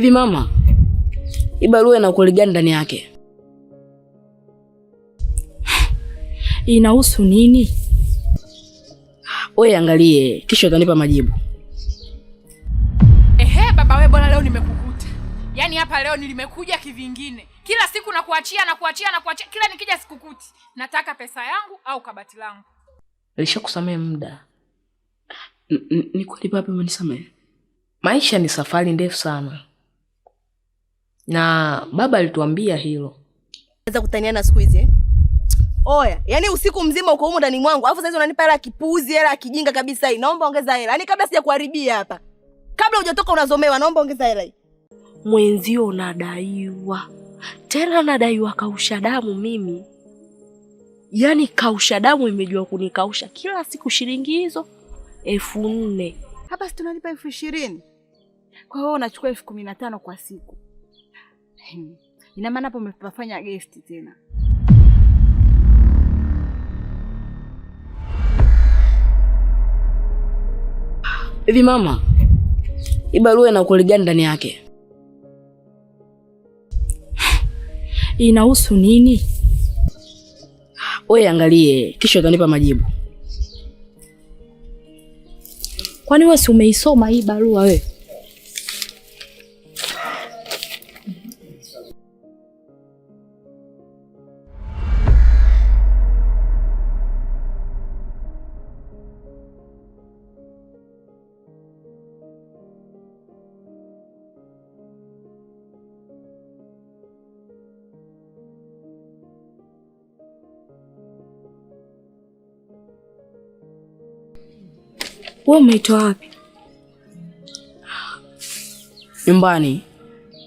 Hivi mama, hii barua ina ukweli gani ndani yake? Inahusu nini? Wewe angalie kisha utanipa majibu. Ehe, baba wewe, bwana leo nimekukuta. Yaani hapa leo nilimekuja kivingine. Kila siku nakuachia na kuachia na kuachia, kila nikija sikukuti. Nataka pesa yangu au kabati langu. Nilishakusamehe muda. Ni kweli baba, umenisamehe. Maisha ni safari ndefu sana na baba alituambia hilo. Naweza kutaniana siku hizi eh? Oya, yani usiku mzima uko huko ndani mwangu, alafu sasa unanipa hela kipuzi, hela kijinga kabisa hii. Naomba ongeza hela. Yaani kabla sijakuharibia hapa. Kabla hujatoka unazomewa, naomba ongeza hela hii. Mwenzio unadaiwa. Tena nadaiwa kausha damu mimi. Yaani kausha damu imejua kunikausha kila siku shilingi hizo elfu nne. Hapa si tunalipa elfu ishirini. Kwa hiyo unachukua elfu kumi na tano kwa siku. Hmm. Ina maana hapo umepafanya gesti tena. Hivi mama, hii barua ina ukweli gani ndani yake? Inahusu nini? Wewe angalie kisha utanipa majibu. Kwani wewe si umeisoma hii barua wewe? Wewe umeitoa wapi? Nyumbani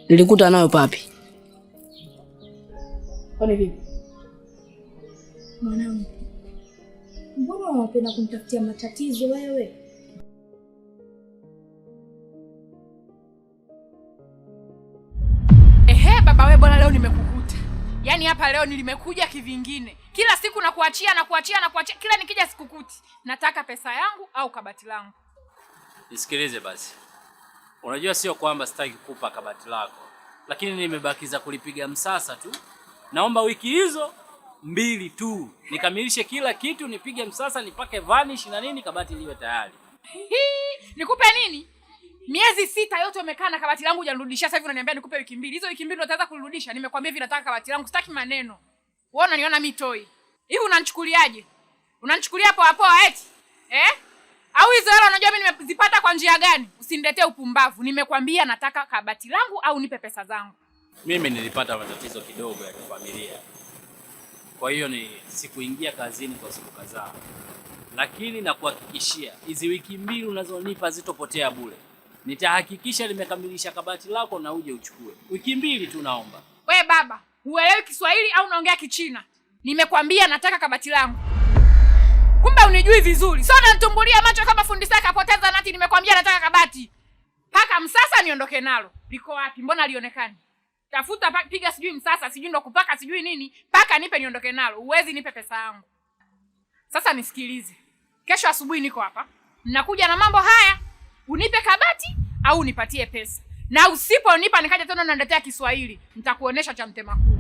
nilikuta nayo papi. Kwani vipi? Mwanangu, mbona unapenda kumtafutia matatizo wewe? Ehe, baba wewe, bwana leo nimekukuta. Yaani hapa leo nilimekuja kivingine. Kila siku nakuachia nakuachia nakuachia, kila nikija sikukuti. Nataka pesa yangu au kabati langu. Nisikilize basi, unajua sio kwamba sitaki kukupa kabati lako, lakini nimebakiza kulipiga msasa tu. Naomba wiki hizo mbili tu nikamilishe kila kitu, nipige msasa, nipake vanish na nini, kabati liwe tayari. Nikupe nini? Miezi sita yote umekaa na kabati langu hujarudisha. sasa hivi unaniambia nikupe wiki mbili. Hizo wiki mbili utaanza kurudisha? Nimekwambia hivi, nataka kabati langu, sitaki maneno. Wewe unaniona mimi toi. Hivi unanichukuliaje? Unanichukulia poa poa eti? Eh? Au hizo hela unajua mimi nimezipata kwa njia gani? Usiniletee upumbavu. Nimekwambia nataka kabati langu au nipe pesa zangu. Mimi nilipata matatizo kidogo ya kifamilia. Kwa hiyo ni sikuingia kazini kwa siku kadhaa. Lakini nakuhakikishia hizi wiki mbili unazonipa zitopotea bure. Nitahakikisha limekamilisha kabati lako na uje uchukue. Wiki mbili tu naomba. We baba, Huelewi Kiswahili au unaongea Kichina? Nimekwambia nataka kabati langu. Kumbe unijui vizuri. Sio namtumbulia macho kama fundi saka apoteza nati. Nimekwambia nataka kabati. Paka msasa niondoke nalo. Liko wapi? Mbona lionekani? Tafuta paka, piga sijui msasa, sijui ndo kupaka, sijui nini. Paka nipe niondoke nalo. Uwezi nipe pesa yangu. Sasa nisikilize. Kesho asubuhi niko hapa. Nakuja na mambo haya. Unipe kabati au unipatie pesa na usiponipa nikaja tena unaniletea Kiswahili, nitakuonesha cha mtema kuu.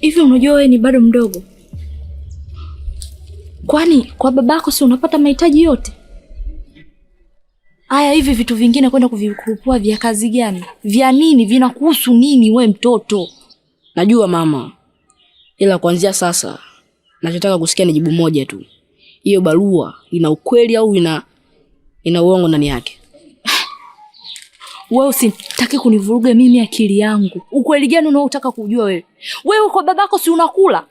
Hivi unajua wewe ni bado mdogo, kwani kwa babako si unapata mahitaji yote haya? Hivi vitu vingine kwenda kuvikupua vya kazi gani? Vya nini? Vinakuhusu nini we mtoto? Najua mama, ila kuanzia sasa nachotaka kusikia ni jibu moja tu hiyo barua ina ukweli au ina ina uongo ndani yake. Wewe usitaki kunivuruga mimi akili yangu. Ukweli gani unaotaka kujua wewe? Wewe kwa babako si unakula?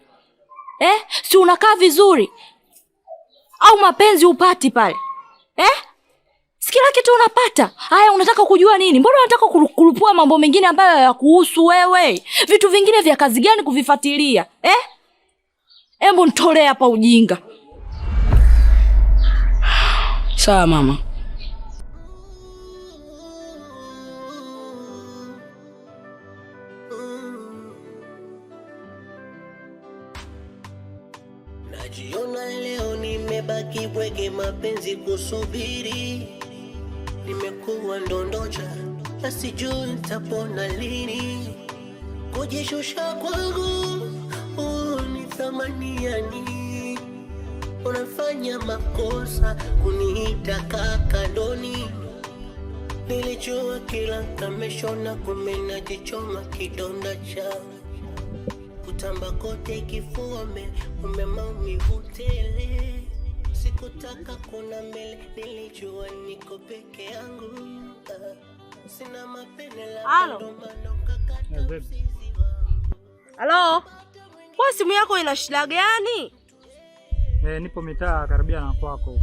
Eh? Si unakaa vizuri? Au mapenzi upati pale? Eh? Sikila kitu unapata. Haya unataka kujua nini? Mbona unataka kulupua mambo mengine ambayo hayakuhusu wewe? Vitu vingine vya kazi gani kuvifuatilia? Eh? Hebu nitolee hapa ujinga sawa mama. Najiona leo nimebaki bwege, mapenzi kusubiri, nimekuwa ndondocha na sijui nitapona lini. Kujishusha kwangu, oh, ni thamani ya nini? unafanya makosa kuniita kaka Doni. Nilijua kila kameshona, kumena jichoma kidonda cha kutamba kote kifuame, umemaumivu tele. Sikutaka kuna mbele, nilijua niko peke yangu, sina mapene la ndomano wangu. Halo, kwa simu yako ina shida gani? Eh, nipo mitaa karibia na kwako.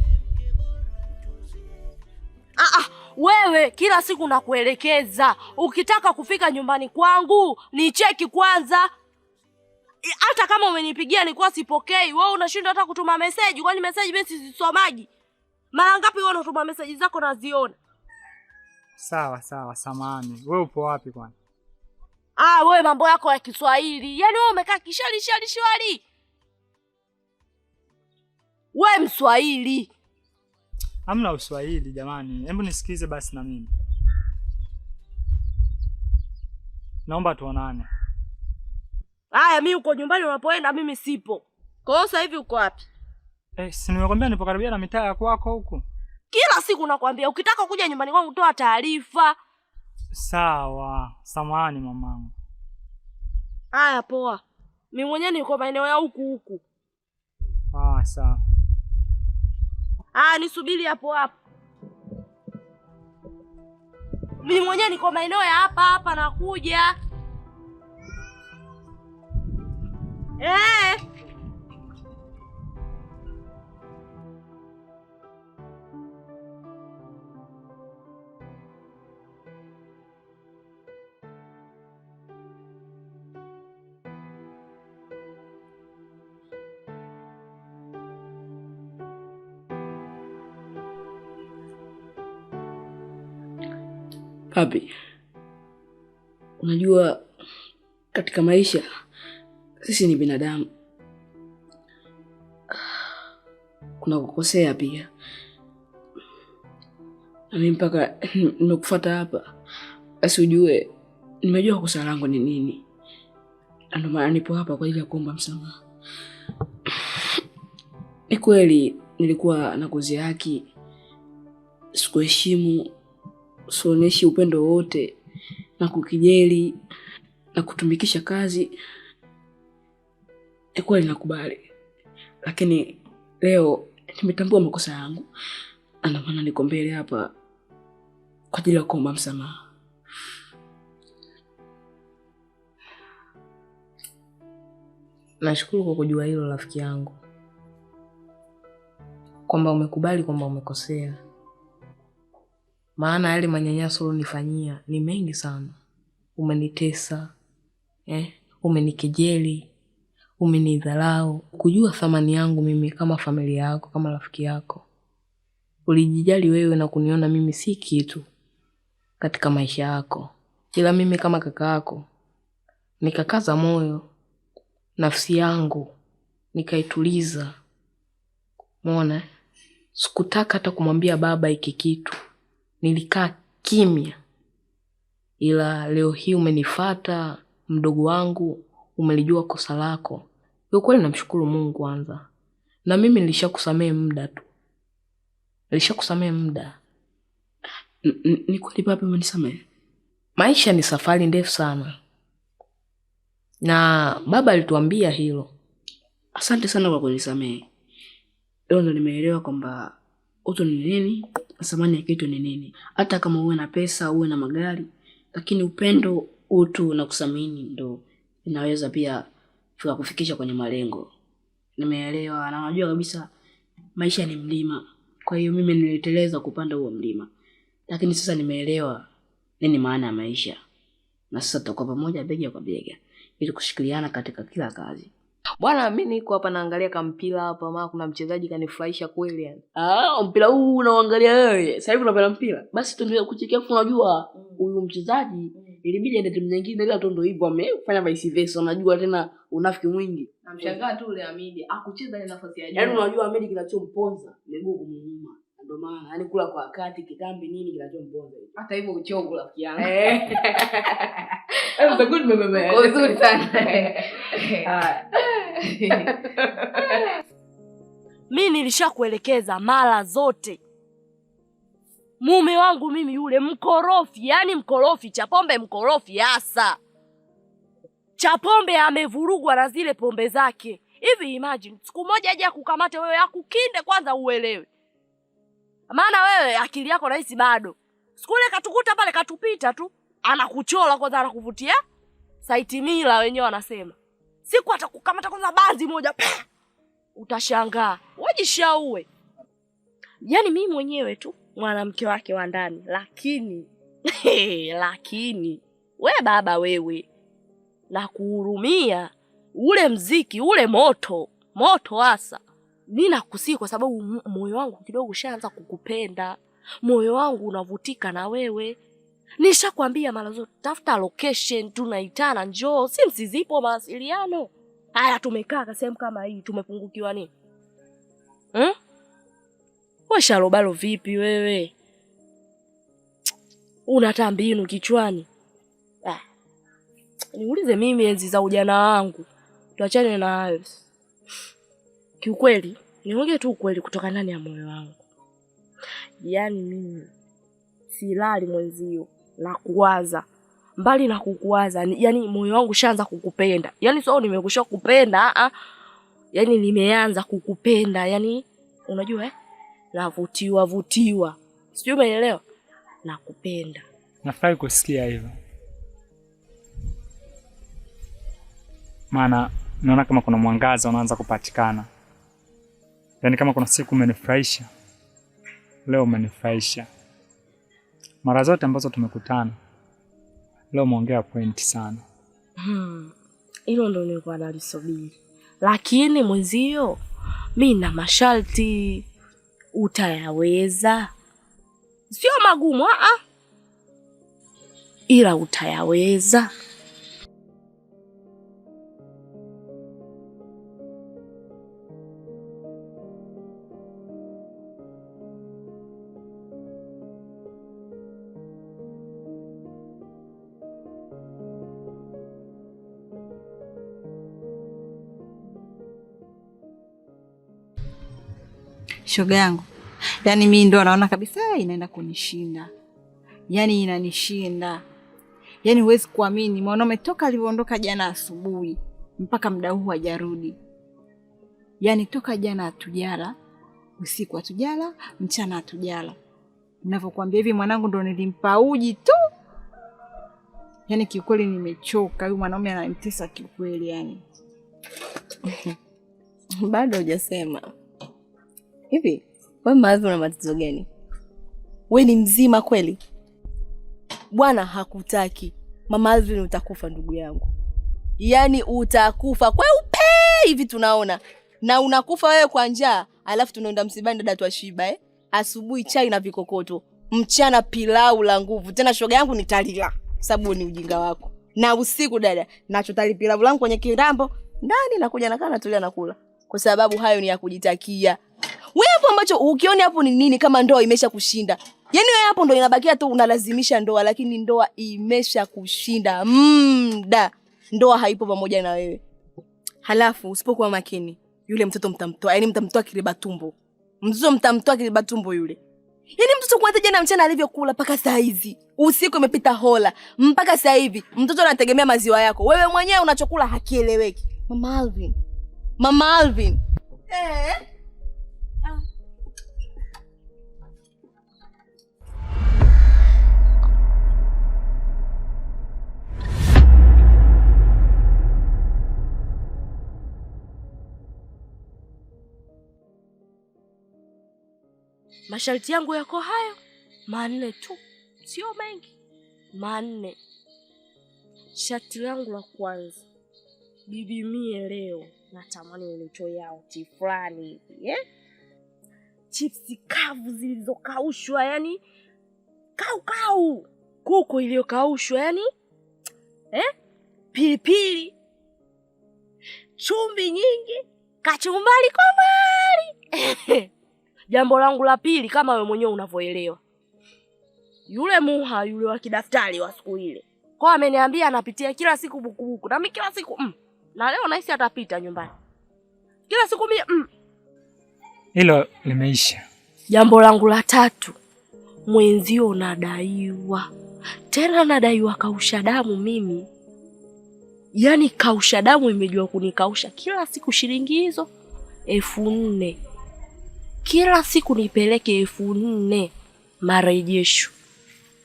Ah, ah, wewe kila siku nakuelekeza, ukitaka kufika nyumbani kwangu ni cheki kwanza. Hata kama umenipigia nilikuwa sipokei, wewe unashindwa hata kutuma meseji. Kwani meseji mimi sizisomaji? Mara ngapi wewe unatuma meseji zako naziona? Sawa sawa, samani. Wewe upo wapi kwani? Ah, wewe mambo yako ya Kiswahili, yaani wewe umekaa kishali shali shwali We Mswahili hamna uswahili jamani, hebu nisikize basi na mimi naomba tuonane. Haya, mi uko nyumbani unapoenda, mimi sipo. Kwa hiyo sasa hivi uko wapi? Eh, si nimekwambia nipo karibia na mitaa ya kwako huku. Kila siku nakwambia ukitaka kuja nyumbani kwangu toa taarifa. Sawa, samahani mamangu. Haya, poa. Mimi mwenyewe niko maeneo ya huku huku. Ah, sawa. Ah, nisubiri hapo hapo. Mimi mwenyewe niko maeneo ya hapa hapa nakuja. Eh. Happy, unajua katika maisha sisi ni binadamu, kuna kukosea pia. mimi mpaka nimekufuata hapa, basi ujue nimejua kosa langu ni nini, na ndio maana nipo hapa kwa ajili ya kuomba msamaha. Ni kweli nilikuwa kozi haki, sikuheshimu usionyeshi upendo wote na kukijeli na kutumikisha kazi ikuwa linakubali nakubali, lakini leo nimetambua makosa yangu, ndio maana niko mbele hapa kwa ajili ya kuomba msamaha. Nashukuru kwa kujua hilo rafiki yangu, kwamba umekubali kwamba umekosea maana yale manyanyaso ulionifanyia ni mengi sana. Umenitesa eh? Umenikejeli, umenidharau, kujua thamani yangu mimi kama familia yako, kama rafiki yako. Ulijijali wewe na kuniona mimi si kitu katika maisha yako, ila mimi kama kaka yako nikakaza moyo, nafsi yangu nikaituliza. mona sikutaka hata kumwambia baba iki kitu Nilikaa kimya, ila leo hii umenifata mdogo wangu, umelijua kosa lako. kweli namshukuru Mungu kwanza, na mimi nilishakusamehe muda tu, nilishakusamehe muda. Ni kweli baba, Maisha ni safari ndefu sana, na baba alituambia hilo. Asante sana kwa kunisamehe. Leo ndo nimeelewa kwamba uto ni nini thamani ya kitu ni nini. Hata kama uwe na pesa, uwe na magari, lakini upendo, utu na kusamini ndo inaweza pia kufikisha kwenye malengo. Nimeelewa na najua kabisa maisha ni mlima, kwa hiyo mimi niliteleza kupanda huo mlima, lakini sasa nimeelewa nini maana ya maisha, na sasa tutakuwa pamoja bega kwa bega ili kushikiliana katika kila kazi. Bwana, mimi niko hapa naangalia kampira hapa, maana kuna mchezaji kanifurahisha kweli yani. Ah, mpira huu unaangalia wewe. Sasa hivi unapenda mpira. Basi tuendelee kuchekea kwa unajua mm. huyu mchezaji mm. ilibidi aende timu nyingine ila tu ndio hivyo amefanya vice versa. Unajua tena unafiki mwingi. Namshangaa tu yule Amidi. Akucheza ile nafasi ya juu. Yaani unajua Amidi kinachomponza miguu kumuuma. Ndio maana yani kula kwa wakati kitambi nini kinachomponza Hata hivyo uchongo rafiki yangu. Eh. That's a good meme. Nzuri sana. Ah. mi nilishakuelekeza mara zote, mume wangu mimi yule mkorofi, yaani mkorofi, Chapombe mkorofi hasa. Chapombe amevurugwa na zile pombe zake. Hivi imagine siku moja aje akukamate wewe akukinde kwanza uelewe. Maana wewe akili yako rahisi bado. Siku ile katukuta pale katupita tu, anakuchola kwanza anakuvutia saitimila wenyewe wanasema siku atakukamata kwanza banzi moja utashangaa wajishaue. Yaani mimi mwenyewe tu mwanamke wake wa ndani, lakini lakini we baba wewe, na kuhurumia ule mziki ule moto moto hasa nakusii kwa sababu moyo wangu kidogo ushaanza kukupenda, moyo wangu unavutika na wewe Nishakwambia mara zote, tafuta location, tunaitana, njoo. Simu zipo, mawasiliano haya. Tumekaa sehemu kama hii, tumepungukiwa nini hmm? We sharobalo vipi wewe, unata mbinu kichwani? Ah, niulize mimi, enzi za ujana wangu, tuachane na hayo kiukweli. Niongee tu ukweli kutoka ndani ya moyo wangu, yaani mimi silali mwenzio nakuwaza mbali na kukuwaza, yani moyo wangu shaanza kukupenda, yani sio nimekusha kupenda a, yani nimeanza kukupenda, yani unajua eh? Navutiwa vutiwa, sijui umeelewa. Nakupenda. Nafurahi kusikia hivyo, maana naona kama kuna mwangaza unaanza kupatikana, yani kama kuna siku umenifurahisha leo, umenifurahisha mara zote ambazo tumekutana, leo umeongea pointi sana. Hmm, hilo ndo nilikuwa nalisubiri, lakini mwenzio, mi na masharti utayaweza, sio magumu, ah, ah. ila utayaweza. shoga yangu, yaani mimi ndo naona kabisa inaenda kunishinda, yaani inanishinda, yaani huwezi kuamini mwanaume toka alivyoondoka jana asubuhi mpaka muda huu hajarudi. Yaani toka jana hatujala, usiku hatujala, mchana hatujala. Ninavyokuambia hivi, mwanangu ndo nilimpa uji tu. Yaani kiukweli nimechoka, huyu mwanaume ananitesa kiukweli yani. Bado hujasema Hivi wewe mavi, una matatizo gani? We ni mzima kweli? Bwana hakutaki mama Alvin, utakufa ndugu yangu, yaani utakufa kwa upe hivi tunaona, na unakufa wewe kwa njaa, alafu tunaenda msibani dada twashiba eh? Asubuhi chai na vikokoto, mchana pilau la nguvu, tena shoga yangu nitalila sababu ni ujinga wako, na usiku dada nachotali pilau langu kwenye kirambo ndani, nakuja nakaa natulia nakula, kwa sababu hayo ni ya kujitakia. Wewe hapo ambacho ukione hapo ni nini kama ndoa imesha kushinda? Yaani wewe hapo ndo inabakia tu unalazimisha ndoa, lakini ndoa imesha kushinda. Mda. Mm, ndoa haipo pamoja na wewe. Halafu usipokuwa makini, yule mtoto mtamtoa, yaani mtamtoa kiriba tumbo. Mtoto mtamtoa kiriba tumbo yule. Yaani mtoto kwanza jana mchana alivyokula mpaka saa hizi. Usiku imepita hola mpaka saa hivi. Mtoto anategemea maziwa yako. Wewe mwenyewe unachokula hakieleweki. Mama Alvin. Mama Alvin. Eh? Masharti yangu yako hayo manne tu, sio mengi, manne. Sharti langu la kwanza, bibi mie leo natamani nitoe auti fulani hivi eh? Chipsi kavu zilizokaushwa, yani kaukau, kuku iliyokaushwa yani eh? Pilipili, chumbi nyingi, kachumbari kwa mali Jambo langu la pili, kama wewe mwenyewe unavyoelewa, yule Muha yule wa kidaftari wa siku ile kwa ameniambia anapitia kila siku bukubuku, na mimi kila siku mm, na leo nahisi atapita nyumbani kila siku mimi mm. Hilo limeisha. Jambo langu la tatu, mwenzio nadaiwa tena, nadaiwa kausha damu mimi, yaani kausha damu imejua kunikausha kila siku, shilingi hizo elfu nne kila siku nipeleke elfu nne marejesho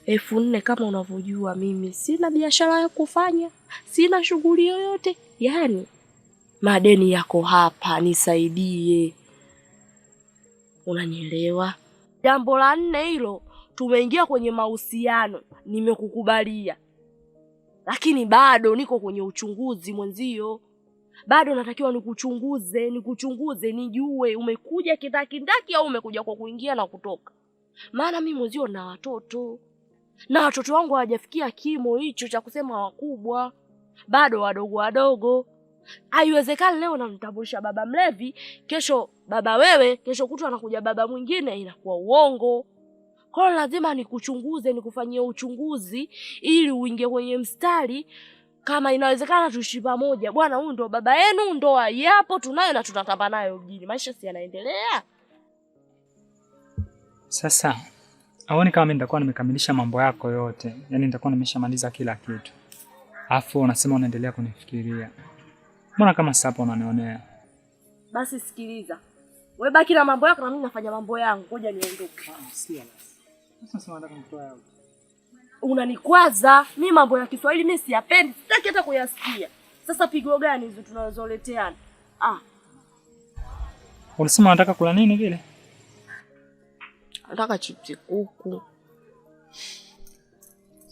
elfu nne kama unavyojua mimi sina biashara ya kufanya, sina shughuli yoyote. yani madeni yako hapa, nisaidie. Unanielewa? Jambo la nne hilo, tumeingia kwenye mahusiano, nimekukubalia, lakini bado niko kwenye uchunguzi mwenzio bado natakiwa nikuchunguze, nikuchunguze nijue umekuja kindakindaki au umekuja kwa kuingia na kutoka. Maana mimi mwenzio na watoto na watoto wangu hawajafikia kimo hicho cha kusema wakubwa, bado wadogo wadogo. Haiwezekani leo namtambulisha baba mlevi, kesho baba wewe, kesho kutwa anakuja baba mwingine, inakuwa uongo. Kwa lazima nikuchunguze, nikufanyie uchunguzi ili uingie kwenye mstari kama inawezekana tuishi pamoja bwana. Huyu ndo baba yenu, ndoa yapo tunayo na tunatamba nayo mjini, maisha si yanaendelea. Sasa aoni kama mimi nitakuwa nimekamilisha mambo yako yote, yaani nitakuwa nimeshamaliza kila kitu, afu unasema unaendelea kunifikiria. Mbona kama sasa hapo unanionea? Basi sikiliza, wewe baki na mambo yako na mimi nafanya mambo yangu, ngoja niondoke. Ah, unanikwaza mi, mambo ya Kiswahili mi siyapendi, sitaki hata kuyasikia. Sasa pigo gani hizo tunazoleteana? Ah, ulisema nataka kula nini? Vile nataka chipsi kuku.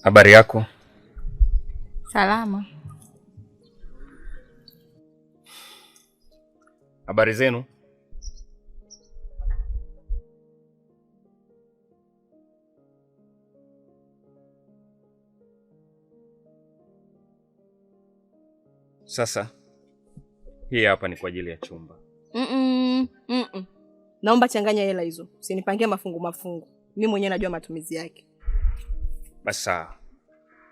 Habari yako? Salama. Habari zenu? Sasa hii hapa ni kwa ajili ya chumba. mm -mm, mm -mm. Naomba changanya hela hizo, sinipangia mafungu mafungu, mi mwenyewe najua matumizi yake. Basa,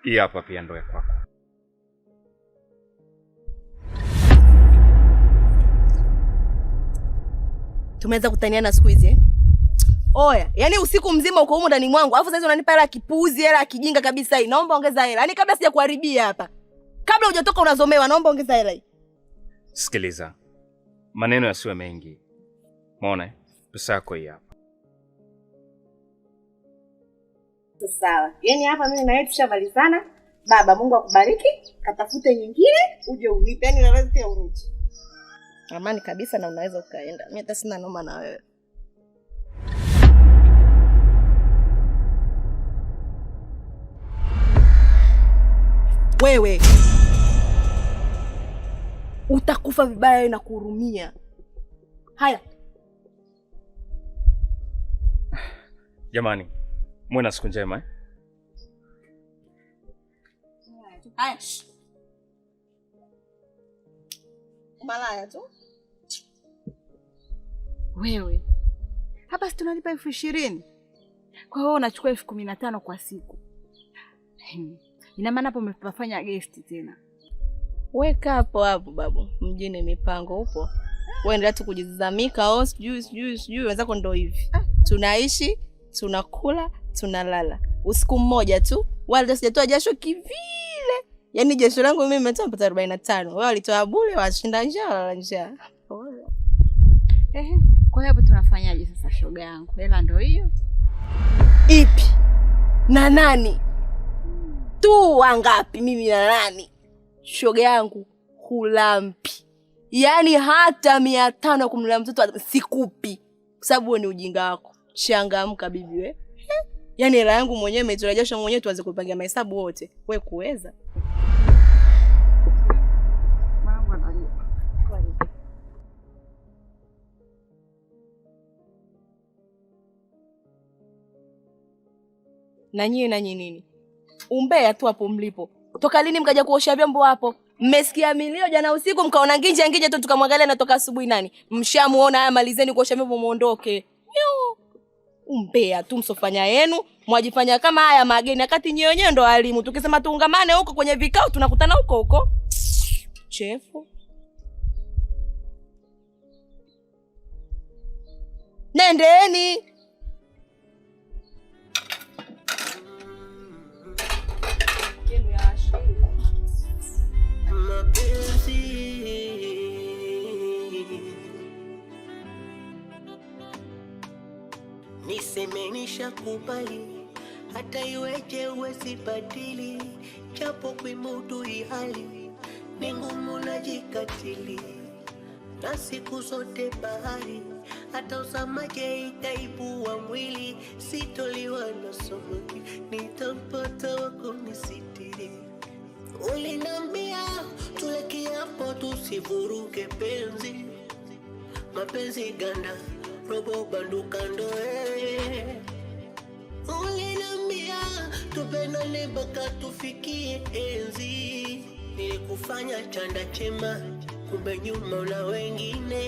hii hapa pia ndo ya kwako. Tumeweza kutaniana siku hizi eh? Oya, yani usiku mzima uko humo ndani mwangu, alafu sasa unanipa hela kipuzi, hela kijinga kabisa hii. Naomba ongeza hela, yaani kabla sija kuharibia hapa kabla hujatoka unazomewa. Naomba ongeza hela hii. Sikiliza, maneno yasiwe mengi. Mona, eh? pesa yako hii hapa. Sawa, yaani hapa mimi na wewe tushamalizana. Baba, Mungu akubariki, katafute nyingine uje unipe, yaani naweza pia urudi amani kabisa, na unaweza ukaenda. Mimi hata sina noma na wewe. Wewe utakufa vibaya na kuhurumia. Haya jamani, mwe na siku njema eh? malaya tu wewe hapa, si tunalipa elfu ishirini kwa hiyo unachukua elfu kumi na tano kwa siku. Ina maana hapo umefanya gesti tena Weka hapo hapo babu, mjini mipango upo, uendelea tu kujizamika au oh, sijui sijui sijui. Wenzako ndo hivi ah. tunaishi, tunakula, tunalala usiku mmoja tu, wala sijatoa jasho kivile. yani jasho langu mimi nimetoa mpaka arobaini na tano, wao walitoa bure, washinda njaa, wala njaa. kwa hiyo hapo tunafanyaje sasa, shoga yangu? Hela ndo hiyo ipi na nani hmm. tu wangapi, mimi na nani shoga yangu hulampi, yaani hata mia tano ya kumlea mtoto sikupi, kwa sababu ni ujinga wako. Changamka bibi we. Yaani hela yangu mwenyewe imetolea jasho mwenyewe, tuanze kupangia mahesabu wote, we kuweza na nyie nanyi nini? Umbea tu hapo mlipo, Toka lini mkaja kuosha vyombo hapo? Mmesikia milio jana usiku mkaona nginje nginje tu tukamwangalia natoka asubuhi nani? Mshamuona, haya malizeni kuosha vyombo muondoke. Umbea tu msofanya yenu, mwajifanya kama haya mageni wakati nyewe wenyewe ndo walimu. Tukisema tuungamane huko kwenye vikao tunakutana huko huko. Chefu. Nendeni. mapenzi nisemenisha kubali hata iweje uwezibadili, japo kwimudu ihali ni ngumu, na jikatili na siku zote bahari, hata uzamaje ikaibua mwili, sitoliwa na somoki, nitampata wakunisitiri ulinambia kiapo, tusivuruke penzi, mapenzi ganda robo banduka ndoe. Ulinambia tupendane mpaka tufikie enzi, nilikufanya chanda chema, kumbe nyuma na wengine.